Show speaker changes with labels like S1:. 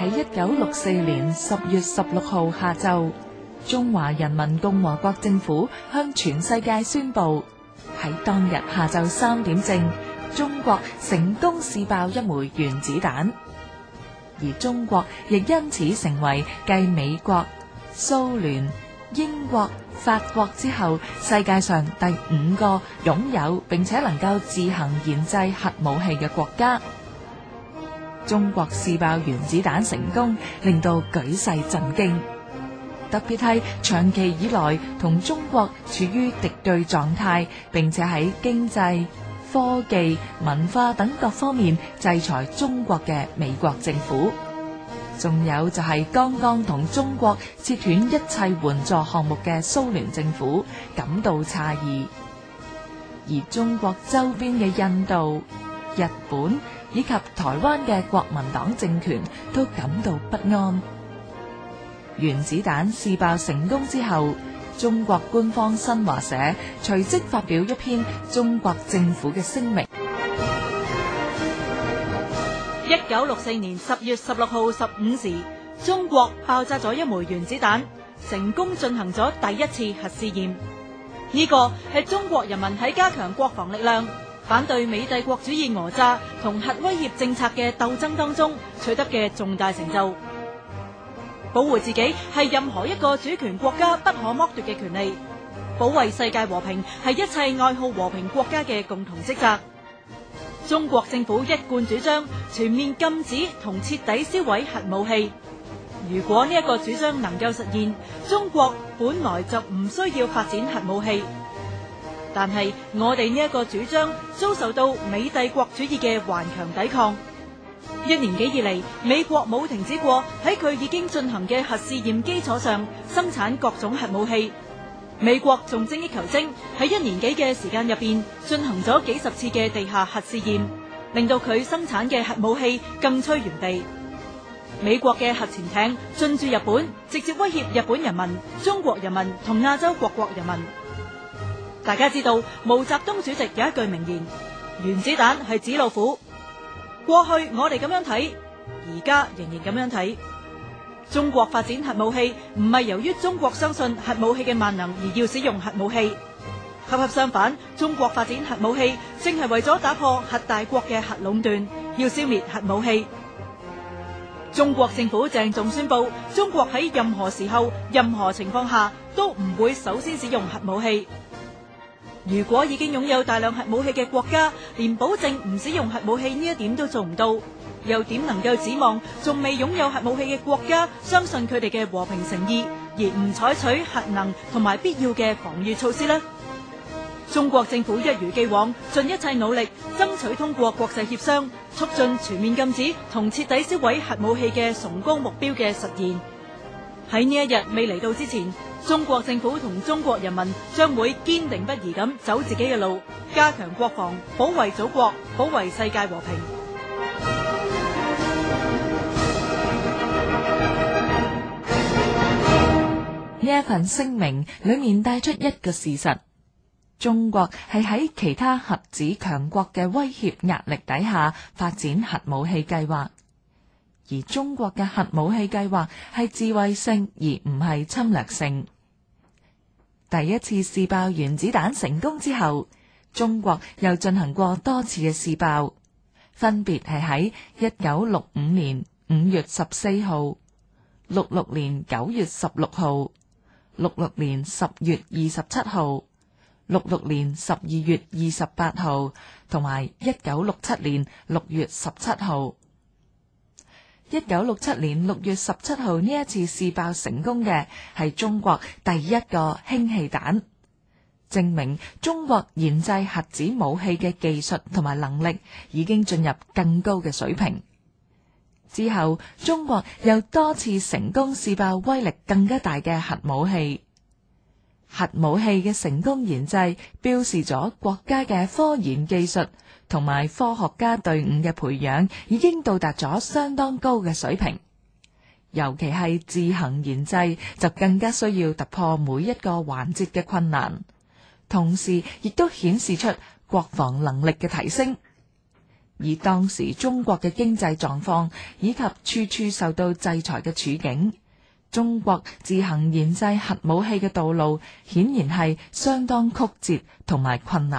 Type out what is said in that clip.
S1: 喺一九六四年十月十六號下晝，中華人民共和國政府向全世界宣布，喺當日下晝三點正，中國成功試爆一枚原子彈，而中國亦因此成為繼美國、蘇聯、英國、法國之後，世界上第五個擁有並且能夠自行研製核武器嘅國家。中國試爆原子彈成功，令到舉世震驚。特別係長期以來同中國處於敵對狀態，并且喺經濟、科技、文化等各方面制裁中國嘅美國政府，仲有就係剛剛同中國切斷一切援助項目嘅蘇聯政府，感到詫異。而中國周邊嘅印度、日本，以及台灣嘅國民黨政權都感到不安。原子彈試爆成功之後，中國官方新華社隨即發表一篇中國政府嘅聲
S2: 明。一九六四年十月十六號十五時，中國爆炸咗一枚原子彈，成功進行咗第一次核試驗。呢個係中國人民喺加強國防力量，反對美帝國主義訛詐同核威脅政策嘅鬥爭當中取得嘅重大成就，保護自己係任何一個主權國家不可剝奪嘅權利，保衛世界和平係一切愛好和平國家嘅共同職責。中國政府一貫主張全面禁止同徹底銷毀核武器。如果呢一個主張能夠實現，中國本來就唔需要發展核武器。但係我哋呢一個主張遭受到美帝國主義嘅頑強抵抗。一年幾以嚟，美國冇停止過喺佢已經進行嘅核試驗基礎上生產各種核武器。美國仲精益求精，喺一年幾嘅時間入邊進行咗幾十次嘅地下核試驗，令到佢生產嘅核武器更趨完備。美國嘅核潛艇進駐日本，直接威脅日本人民、中國人民同亞洲各國人民。大家知道毛澤東主席有一句名言：原子彈係紙老虎。過去我哋咁樣睇，而家仍然咁樣睇。中國發展核武器唔係由於中國相信核武器嘅萬能而要使用核武器，恰恰相反，中國發展核武器正係為咗打破核大國嘅核壟斷，要消滅核武器。中國政府鄭重宣布，中國喺任何時候、任何情況下都唔會首先使用核武器。如果已經擁有大量核武器嘅國家，連保證唔使用核武器呢一點都做唔到，又點能夠指望仲未擁有核武器嘅國家相信佢哋嘅和平誠意，而唔採取核能同埋必要嘅防禦措施呢？中國政府一如既往，盡一切努力，爭取通過國際協商，促進全面禁止同徹底銷毀核武器嘅崇高目標嘅實現。喺呢一日未嚟到之前，中國政府同中國人民將會堅定不移咁走自己嘅路，加強國防，保衛祖國，保衛世界和平。
S1: 呢一份聲明裏面帶出一個事實：中國係喺其他核子強國嘅威脅壓力底下發展核武器計劃。而中國嘅核武器計劃係自衛性而唔係侵略性。第一次試爆原子彈成功之後，中國又進行過多次嘅試爆，分別係喺1965年5月14號、66年9月16號、66年10月27號、66年12月28號，同埋1967年6月17號。一九六七年六月十七號呢一次試爆成功嘅係中國第一個氫氣彈，證明中國研製核子武器嘅技術同埋能力已經進入更高嘅水平。之後，中國又多次成功試爆威力更加大嘅核武器。核武器嘅成功研製，標示咗國家嘅科研技術同埋科學家隊伍嘅培養已經到達咗相當高嘅水平。尤其係自行研製就更加需要突破每一個環節嘅困難，同時亦都顯示出國防能力嘅提升。而當時中國嘅經濟狀況以及處處受到制裁嘅處境。中國自行研製核武器嘅道路，顯然係相當曲折同埋困難。